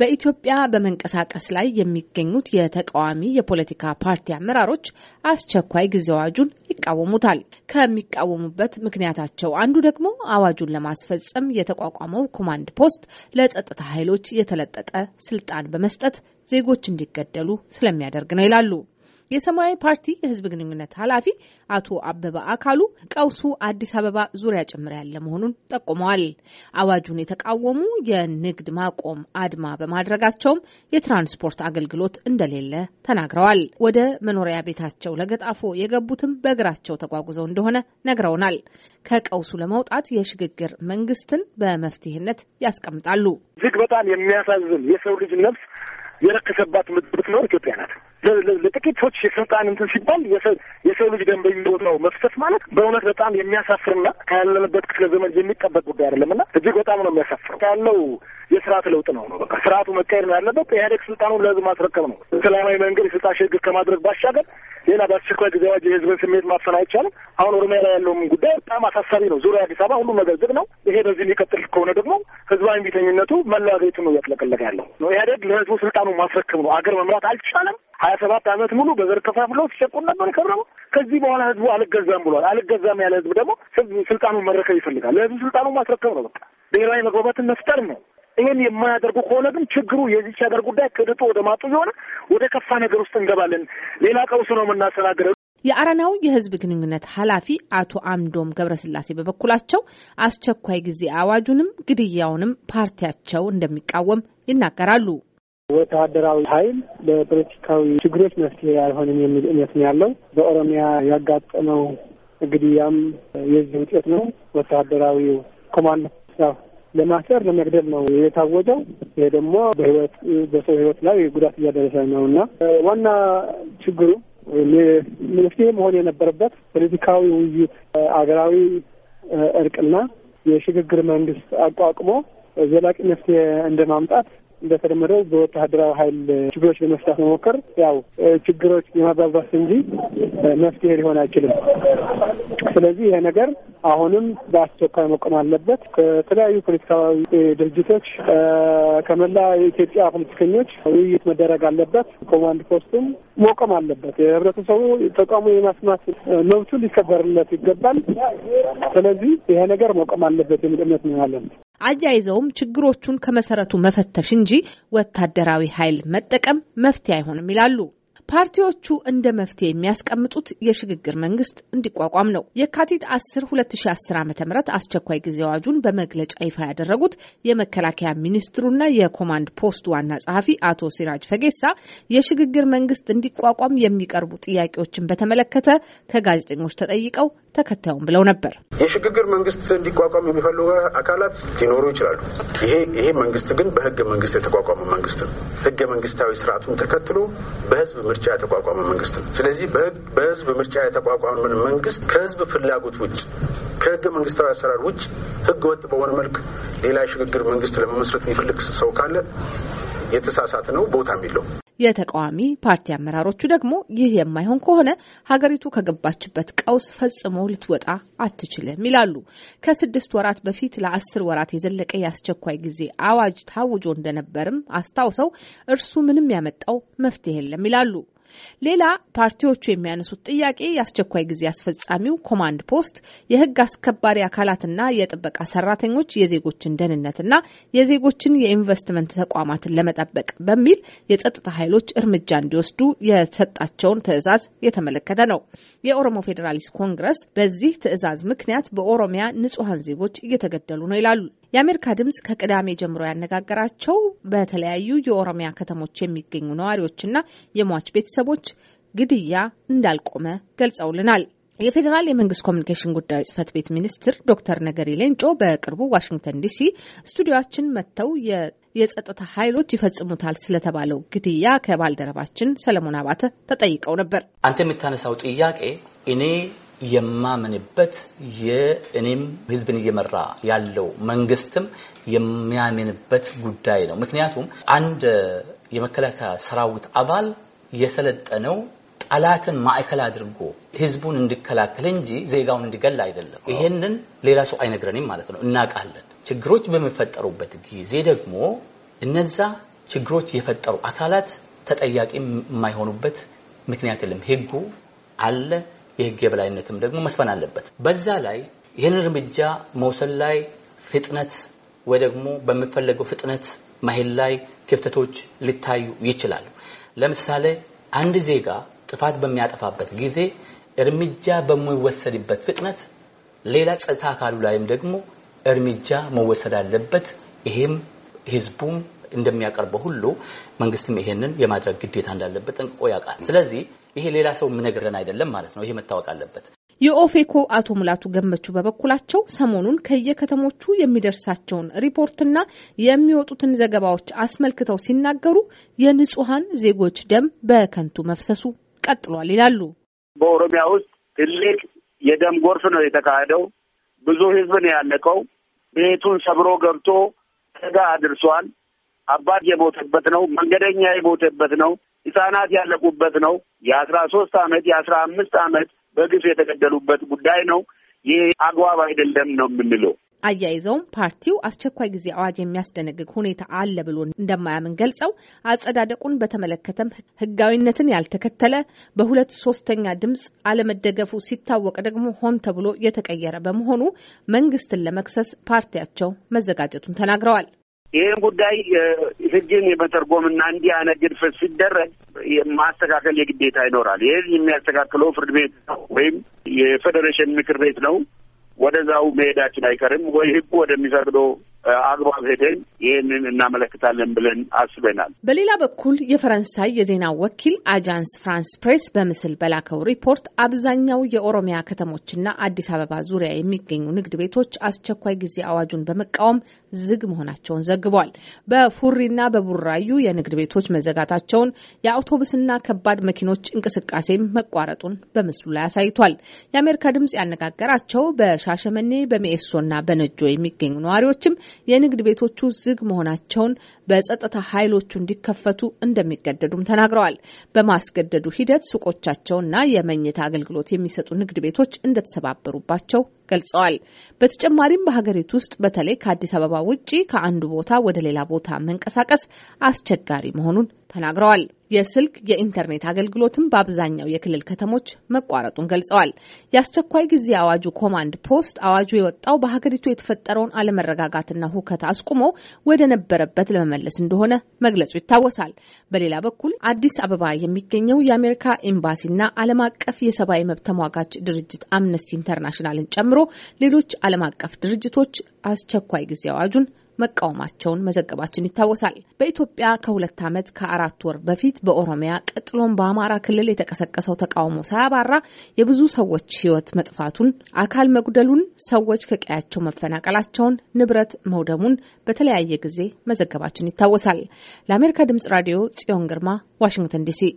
በኢትዮጵያ በመንቀሳቀስ ላይ የሚገኙት የተቃዋሚ የፖለቲካ ፓርቲ አመራሮች አስቸኳይ ጊዜ አዋጁን ይቃወሙታል። ከሚቃወሙበት ምክንያታቸው አንዱ ደግሞ አዋጁን ለማስፈጸም የተቋቋመው ኮማንድ ፖስት ለጸጥታ ኃይሎች የተለጠጠ ስልጣን በመስጠት ዜጎች እንዲገደሉ ስለሚያደርግ ነው ይላሉ። የሰማያዊ ፓርቲ የህዝብ ግንኙነት ኃላፊ አቶ አበበ አካሉ ቀውሱ አዲስ አበባ ዙሪያ ጭምር ያለ መሆኑን ጠቁመዋል። አዋጁን የተቃወሙ የንግድ ማቆም አድማ በማድረጋቸውም የትራንስፖርት አገልግሎት እንደሌለ ተናግረዋል። ወደ መኖሪያ ቤታቸው ለገጣፎ የገቡትም በእግራቸው ተጓጉዘው እንደሆነ ነግረውናል። ከቀውሱ ለመውጣት የሽግግር መንግስትን በመፍትሄነት ያስቀምጣሉ። እጅግ በጣም የሚያሳዝን የሰው ልጅ ነፍስ የረከሰባት ምድር ብትኖር ኢትዮጵያ ናት። ድርጊቶች የስልጣን እንትን ሲባል የሰው ልጅ ደም ነው መፍሰስ ማለት በእውነት በጣም የሚያሳፍርና ከያለንበት ክፍለ ዘመን የሚጠበቅ ጉዳይ አይደለም እና እጅግ በጣም ነው የሚያሳፍር ያለው የስርዓት ለውጥ ነው ነው በቃ ስርዓቱ መካሄድ ነው ያለበት። ኢህአዴግ ስልጣኑን ለህዝብ ማስረከብ ነው። ሰላማዊ መንገድ የስልጣን ሽግግር ከማድረግ ባሻገር ሌላ በአስቸኳይ ጊዜ አዋጅ የህዝብን ስሜት ማፈን አይቻልም። አሁን ኦሮሚያ ላይ ያለውም ጉዳይ በጣም አሳሳቢ ነው። ዙሪያ አዲስ አበባ ሁሉም ነገር ዝግ ነው። ይሄ በዚህ የሚቀጥል ከሆነ ደግሞ ህዝባዊ ቢተኝነቱ መላ ቤቱ ነው እያጥለቀለቀ ያለው ነው። ኢህአዴግ ለህዝቡ ስልጣኑ ማስረከብ ነው። አገር መምራት አልቻለም። ሀያ ሰባት ዓመት ሙሉ በዘር ከፋፍለው ሲሸቁን ነበር የከረሙ። ከዚህ በኋላ ህዝቡ አልገዛም ብሏል። አልገዛም ያለ ህዝብ ደግሞ ስልጣኑን መረከብ ይፈልጋል። ለህዝብ ስልጣኑ ማስረከብ ነው። በቃ ብሔራዊ መግባባትን መፍጠር ነው። ይህን የማያደርጉ ከሆነ ግን ችግሩ የዚች ሀገር ጉዳይ ከድጡ ወደ ማጡ የሆነ ወደ ከፋ ነገር ውስጥ እንገባለን። ሌላ ቀውስ ነው የምናስተናግደው። የአረናው የህዝብ ግንኙነት ኃላፊ አቶ አምዶም ገብረስላሴ በበኩላቸው አስቸኳይ ጊዜ አዋጁንም ግድያውንም ፓርቲያቸው እንደሚቃወም ይናገራሉ። ወታደራዊ ኃይል ለፖለቲካዊ ችግሮች መፍትሄ አይሆንም የሚል እምነት ነው ያለው። በኦሮሚያ ያጋጠመው ግድያም የዚህ ውጤት ነው። ወታደራዊ ኮማንዶ ስታፍ ለማሰር ለመግደል ነው የታወጀው። ይሄ ደግሞ በህይወት በሰው ህይወት ላይ ጉዳት እያደረሰ ነው እና ዋና ችግሩ መፍትሄ መሆን የነበረበት ፖለቲካዊ ውይይት፣ አገራዊ እርቅና የሽግግር መንግስት አቋቁሞ ዘላቂ መፍትሄ እንደማምጣት እንደተለመደው በወታደራዊ ኃይል ችግሮች ለመፍታት መሞከር ያው ችግሮች የማባባስ እንጂ መፍትሄ ሊሆን አይችልም። ስለዚህ ይሄ ነገር አሁንም በአስቸኳይ መቆም አለበት። ከተለያዩ ፖለቲካዊ ድርጅቶች ከመላ የኢትዮጵያ ፖለቲከኞች ውይይት መደረግ አለበት። ኮማንድ ፖስቱም መቆም አለበት። የህብረተሰቡ ተቃውሞ የማስማት መብቱ ሊከበርለት ይገባል። ስለዚህ ይሄ ነገር መቆም አለበት የሚል እምነት ነው ያለን። አያይዘውም ችግሮቹን ከመሰረቱ መፈተሽ እንጂ ወታደራዊ ኃይል መጠቀም መፍትሄ አይሆንም ይላሉ። ፓርቲዎቹ እንደ መፍትሄ የሚያስቀምጡት የሽግግር መንግስት እንዲቋቋም ነው። የካቲት 10 2010 ዓ ም አስቸኳይ ጊዜ አዋጁን በመግለጫ ይፋ ያደረጉት የመከላከያ ሚኒስትሩና የኮማንድ ፖስት ዋና ጸሐፊ አቶ ሲራጅ ፈጌሳ የሽግግር መንግስት እንዲቋቋም የሚቀርቡ ጥያቄዎችን በተመለከተ ከጋዜጠኞች ተጠይቀው ተከታዩም ብለው ነበር። የሽግግር መንግስት እንዲቋቋም የሚፈልጉ አካላት ሊኖሩ ይችላሉ። ይሄ ይሄ መንግስት ግን በህገ መንግስት የተቋቋመ መንግስት ነው። ህገ መንግስታዊ ስርዓቱን ተከትሎ በህዝብ ምርጫ የተቋቋመ መንግስት ነው። ስለዚህ በህዝብ ምርጫ የተቋቋመ መንግስት ከህዝብ ፍላጎት ውጭ ከህገ መንግስታዊ አሰራር ውጭ ህገ ወጥ በሆነ መልክ ሌላ የሽግግር መንግስት ለመመስረት የሚፈልግ ሰው ካለ የተሳሳተ ነው፣ ቦታም የለውም። የተቃዋሚ ፓርቲ አመራሮቹ ደግሞ ይህ የማይሆን ከሆነ ሀገሪቱ ከገባችበት ቀውስ ፈጽሞ ልትወጣ አትችልም ይላሉ። ከስድስት ወራት በፊት ለአስር ወራት የዘለቀ የአስቸኳይ ጊዜ አዋጅ ታውጆ እንደነበርም አስታውሰው እርሱ ምንም ያመጣው መፍትሄ የለም ይላሉ። ሌላ ፓርቲዎቹ የሚያነሱት ጥያቄ የአስቸኳይ ጊዜ አስፈጻሚው ኮማንድ ፖስት የህግ አስከባሪ አካላትና የጥበቃ ሰራተኞች የዜጎችን ደህንነትና የዜጎችን የኢንቨስትመንት ተቋማትን ለመጠበቅ በሚል የጸጥታ ኃይሎች እርምጃ እንዲወስዱ የሰጣቸውን ትዕዛዝ የተመለከተ ነው። የኦሮሞ ፌዴራሊስት ኮንግረስ በዚህ ትዕዛዝ ምክንያት በኦሮሚያ ንጹሐን ዜጎች እየተገደሉ ነው ይላሉ። የአሜሪካ ድምጽ ከቅዳሜ ጀምሮ ያነጋገራቸው በተለያዩ የኦሮሚያ ከተሞች የሚገኙ ነዋሪዎችና የሟች ቤተሰቦች ግድያ እንዳልቆመ ገልጸውልናል። የፌዴራል የመንግስት ኮሚኒኬሽን ጉዳዮች ጽህፈት ቤት ሚኒስትር ዶክተር ነገሪ ሌንጮ በቅርቡ ዋሽንግተን ዲሲ ስቱዲዮችን መጥተው የጸጥታ ኃይሎች ይፈጽሙታል ስለተባለው ግድያ ከባልደረባችን ሰለሞን አባተ ተጠይቀው ነበር። አንተ የምታነሳው ጥያቄ እኔ የማምንበት የእኔም ህዝብን እየመራ ያለው መንግስትም የሚያምንበት ጉዳይ ነው። ምክንያቱም አንድ የመከላከያ ሰራዊት አባል የሰለጠነው ጠላትን ማዕከል አድርጎ ህዝቡን እንዲከላከል እንጂ ዜጋውን እንዲገል አይደለም። ይሄንን ሌላ ሰው አይነግረንም ማለት ነው። እናውቃለን። ችግሮች በሚፈጠሩበት ጊዜ ደግሞ እነዛ ችግሮች የፈጠሩ አካላት ተጠያቂ የማይሆኑበት ምክንያት የለም። ህጉ አለ። የህግ የበላይነትም ደግሞ መስፈን አለበት። በዛ ላይ ይህን እርምጃ መውሰድ ላይ ፍጥነት ወይ ደግሞ በሚፈለገው ፍጥነት ማሄድ ላይ ክፍተቶች ሊታዩ ይችላሉ። ለምሳሌ አንድ ዜጋ ጥፋት በሚያጠፋበት ጊዜ እርምጃ በሚወሰድበት ፍጥነት ሌላ ጸጥታ አካሉ ላይም ደግሞ እርምጃ መወሰድ አለበት። ይሄም ህዝቡም እንደሚያቀርበው ሁሉ መንግስትም ይሄንን የማድረግ ግዴታ እንዳለበት ጠንቅቆ ያውቃል። ስለዚህ ይሄ ሌላ ሰው የምነግረን አይደለም ማለት ነው። ይሄ መታወቅ አለበት። የኦፌኮ አቶ ሙላቱ ገመቹ በበኩላቸው ሰሞኑን ከየከተሞቹ የሚደርሳቸውን ሪፖርትና የሚወጡትን ዘገባዎች አስመልክተው ሲናገሩ የንጹሐን ዜጎች ደም በከንቱ መፍሰሱ ቀጥሏል ይላሉ። በኦሮሚያ ውስጥ ትልቅ የደም ጎርፍ ነው የተካሄደው። ብዙ ህዝብ ነው ያለቀው። ቤቱን ሰብሮ ገብቶ ተጋ አድርሷል። አባት የሞተበት ነው። መንገደኛ የሞተበት ነው። ህጻናት ያለቁበት ነው። የአስራ ሶስት አመት የአስራ አምስት አመት በግፍ የተገደሉበት ጉዳይ ነው። ይህ አግባብ አይደለም ነው የምንለው። አያይዘውም ፓርቲው አስቸኳይ ጊዜ አዋጅ የሚያስደነግግ ሁኔታ አለ ብሎ እንደማያምን ገልጸው አጸዳደቁን በተመለከተም ህጋዊነትን ያልተከተለ በሁለት ሶስተኛ ድምፅ አለመደገፉ ሲታወቅ ደግሞ ሆን ተብሎ የተቀየረ በመሆኑ መንግስትን ለመክሰስ ፓርቲያቸው መዘጋጀቱን ተናግረዋል። ይህን ጉዳይ ህግን የመተርጎምና እንዲህ አይነት ግድፈት ሲደረግ ማስተካከል የግዴታ ይኖራል። ይህን የሚያስተካክለው ፍርድ ቤት ነው ወይም የፌዴሬሽን ምክር ቤት ነው። ወደዛው መሄዳችን አይቀርም ወይ ህጉ ወደሚፈቅዶ አግባብ ሄደን ይህንን እናመለክታለን ብለን አስበናል። በሌላ በኩል የፈረንሳይ የዜና ወኪል አጃንስ ፍራንስ ፕሬስ በምስል በላከው ሪፖርት አብዛኛው የኦሮሚያ ከተሞችና አዲስ አበባ ዙሪያ የሚገኙ ንግድ ቤቶች አስቸኳይ ጊዜ አዋጁን በመቃወም ዝግ መሆናቸውን ዘግቧል። በፉሪና በቡራዩ የንግድ ቤቶች መዘጋታቸውን፣ የአውቶቡስና ከባድ መኪኖች እንቅስቃሴም መቋረጡን በምስሉ ላይ አሳይቷል። የአሜሪካ ድምጽ ያነጋገራቸው በሻሸመኔ በሚኤሶና በነጆ የሚገኙ ነዋሪዎችም የንግድ ቤቶቹ ዝግ መሆናቸውን በጸጥታ ኃይሎቹ እንዲከፈቱ እንደሚገደዱም ተናግረዋል። በማስገደዱ ሂደት ሱቆቻቸውና የመኝታ አገልግሎት የሚሰጡ ንግድ ቤቶች እንደተሰባበሩባቸው ገልጸዋል። በተጨማሪም በሀገሪቱ ውስጥ በተለይ ከአዲስ አበባ ውጭ ከአንዱ ቦታ ወደ ሌላ ቦታ መንቀሳቀስ አስቸጋሪ መሆኑን ተናግረዋል። የስልክ የኢንተርኔት አገልግሎትም በአብዛኛው የክልል ከተሞች መቋረጡን ገልጸዋል። የአስቸኳይ ጊዜ አዋጁ ኮማንድ ፖስት አዋጁ የወጣው በሀገሪቱ የተፈጠረውን አለመረጋጋትና ሁከት አስቁሞ ወደ ነበረበት ለመመለስ እንደሆነ መግለጹ ይታወሳል። በሌላ በኩል አዲስ አበባ የሚገኘው የአሜሪካ ኤምባሲና ዓለም አቀፍ የሰብአዊ መብት ተሟጋች ድርጅት አምነስቲ ኢንተርናሽናልን ጨምሮ ሌሎች ዓለም አቀፍ ድርጅቶች አስቸኳይ ጊዜ አዋጁን መቃወማቸውን መዘገባችን ይታወሳል። በኢትዮጵያ ከሁለት ዓመት ከአራት ወር በፊት በኦሮሚያ ቀጥሎም በአማራ ክልል የተቀሰቀሰው ተቃውሞ ሳያባራ የብዙ ሰዎች ሕይወት መጥፋቱን፣ አካል መጉደሉን፣ ሰዎች ከቀያቸው መፈናቀላቸውን፣ ንብረት መውደሙን በተለያየ ጊዜ መዘገባችን ይታወሳል። ለአሜሪካ ድምጽ ራዲዮ ጽዮን ግርማ ዋሽንግተን ዲሲ